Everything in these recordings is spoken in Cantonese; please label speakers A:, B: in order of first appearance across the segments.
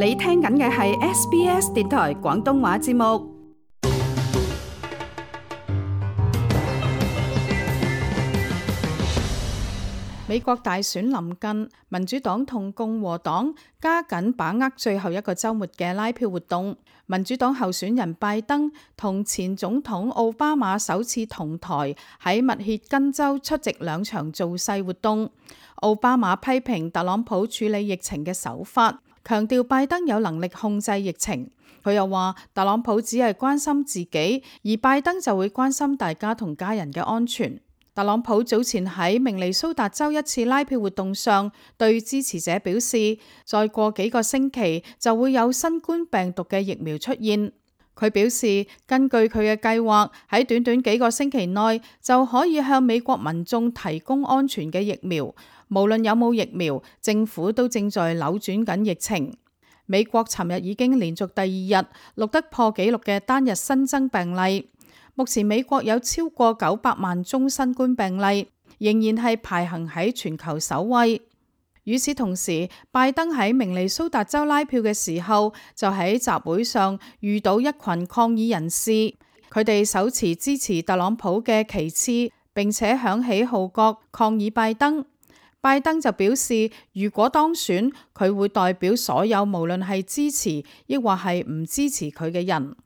A: 你聽緊嘅係 SBS 電台廣東話節目。美國大選臨近，民主黨同共和黨加緊把握最後一個周末嘅拉票活動。民主黨候選人拜登同前總統奧巴馬首次同台喺密歇根州出席兩場造勢活動。奧巴馬批評特朗普處理疫情嘅手法。強調拜登有能力控制疫情，佢又話特朗普只係關心自己，而拜登就會關心大家同家人嘅安全。特朗普早前喺明尼蘇達州一次拉票活動上，對支持者表示，再過幾個星期就會有新冠病毒嘅疫苗出現。佢表示，根據佢嘅計劃，喺短短幾個星期內就可以向美國民眾提供安全嘅疫苗。無論有冇疫苗，政府都正在扭轉緊疫情。美國尋日已經連續第二日錄得破紀錄嘅單日新增病例。目前美國有超過九百萬宗新冠病例，仍然係排行喺全球首位。與此同時，拜登喺明尼蘇達州拉票嘅時候，就喺集會上遇到一群抗議人士，佢哋手持支持特朗普嘅旗幟，並且響起號角抗議拜登。拜登就表示，如果當選，佢會代表所有無論係支持抑或係唔支持佢嘅人。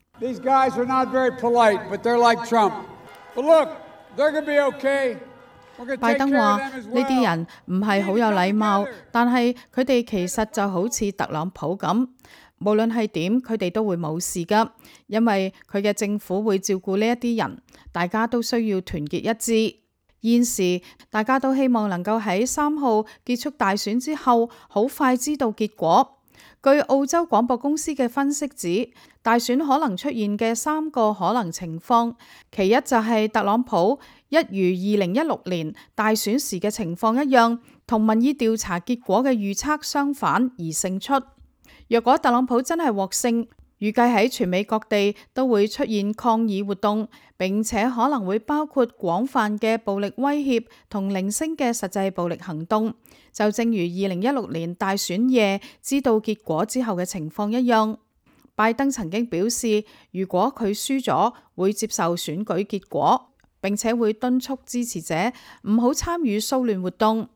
A: 拜登話：呢啲人唔係好有禮貌，但係佢哋其實就好似特朗普咁。無論係點，佢哋都會冇事㗎，因為佢嘅政府會照顧呢一啲人。大家都需要團結一致。現時大家都希望能夠喺三號結束大選之後，好快知道結果。據澳洲廣播公司嘅分析指，大選可能出現嘅三個可能情況，其一就係特朗普一如二零一六年大選時嘅情況一樣，同民意調查結果嘅預測相反而勝出。若果特朗普真係獲勝，預計喺全美各地都會出現抗議活動，並且可能會包括廣泛嘅暴力威脅同零星嘅實際暴力行動。就正如二零一六年大選夜知道結果之後嘅情況一樣，拜登曾經表示，如果佢輸咗，會接受選舉結果，並且會敦促支持者唔好參與騷亂活動。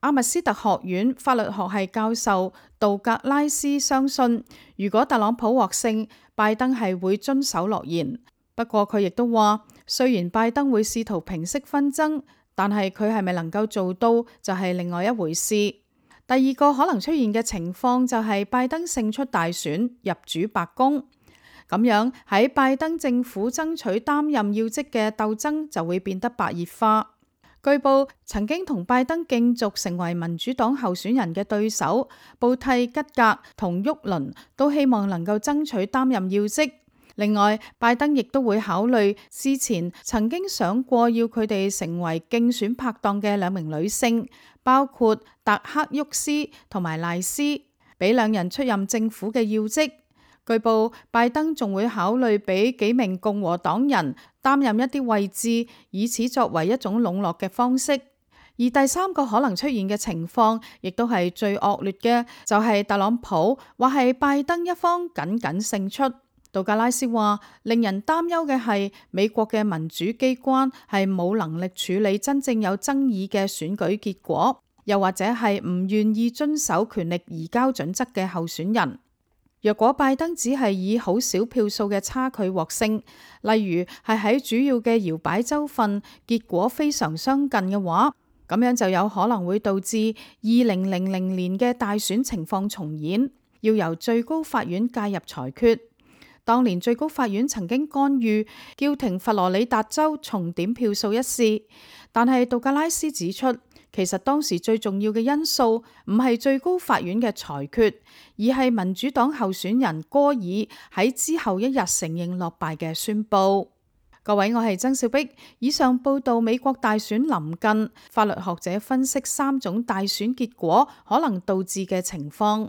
A: 阿密斯特學院法律學系教授道格拉斯相信，如果特朗普獲勝，拜登係會遵守諾言。不過佢亦都話，雖然拜登會試圖平息紛爭，但係佢係咪能夠做到就係另外一回事。第二個可能出現嘅情況就係拜登勝出大選，入主白宮。咁樣喺拜登政府爭取擔任要職嘅鬥爭就會變得白熱化。據報，曾經同拜登競逐成為民主黨候選人嘅對手布蒂吉格同沃倫都希望能夠爭取擔任要職。另外，拜登亦都會考慮事前曾經想過要佢哋成為競選拍檔嘅兩名女性，包括達克沃斯同埋賴斯，俾兩人出任政府嘅要職。據報，拜登仲會考慮俾幾名共和黨人擔任一啲位置，以此作為一種籠絡嘅方式。而第三個可能出現嘅情況，亦都係最惡劣嘅，就係、是、特朗普或係拜登一方僅僅勝出。杜格拉斯話，令人擔憂嘅係美國嘅民主機關係冇能力處理真正有爭議嘅選舉結果，又或者係唔願意遵守權力移交準則嘅候選人。若果拜登只係以好少票數嘅差距獲勝，例如係喺主要嘅搖擺州份，結果非常相近嘅話，咁樣就有可能會導致二零零零年嘅大選情況重演，要由最高法院介入裁決。當年最高法院曾經干預叫停佛羅里達州重點票數一事，但係杜格拉斯指出，其實當時最重要嘅因素唔係最高法院嘅裁決，而係民主黨候選人戈爾喺之後一日承認落敗嘅宣布。各位，我係曾少碧，以上報道美國大選臨近，法律學者分析三種大選結果可能導致嘅情況。